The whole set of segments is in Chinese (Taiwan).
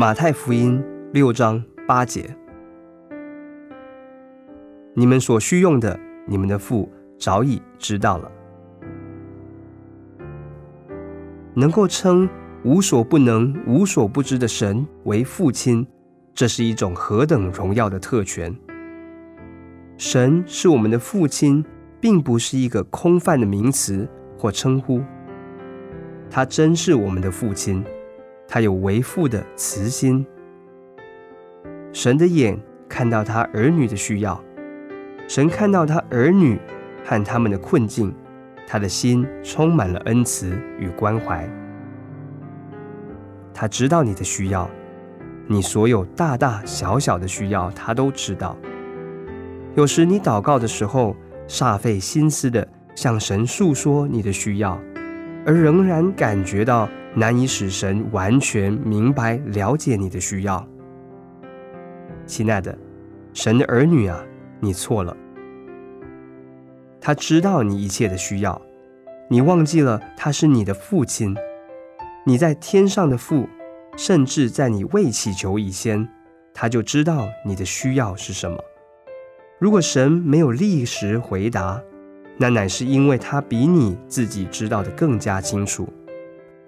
馬太福音六章八節：“你們所需用的，你們的父早已知道了。能夠稱無所不能、無所不知的神為父親，這是一種何等榮耀的特權！神是我們的父親，並不是一個空泛的名詞或稱呼，他真是我們的父親。”他有為父的慈心，神的眼看到他兒女的需要，神看到他兒女和他們的困境，他的心充滿了恩慈與關懷。他知道你的需要，你所有大大小小的需要，他都知道。有時你禱告的時候，煞費心思的向神訴說你的需要，而仍然感覺到。難以使神完全明白了解你的需要，親愛的，神的兒女啊，你錯了。他知道你一切的需要，你忘記了他是你的父親，你在天上的父，甚至在你未祈求以先，他就知道你的需要是什麼。如果神沒有立時回答，那乃是因為他比你自己知道的更加清楚。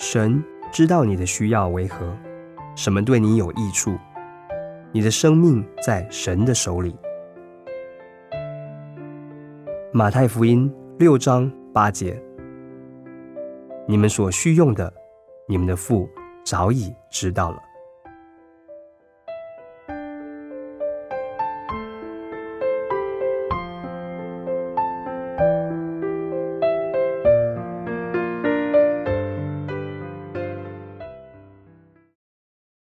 神知道你的需要為何，什麼對你有益處，你的生命在神的手裡。馬太福音六章八節，你們所需用的，你們的父早已知道了。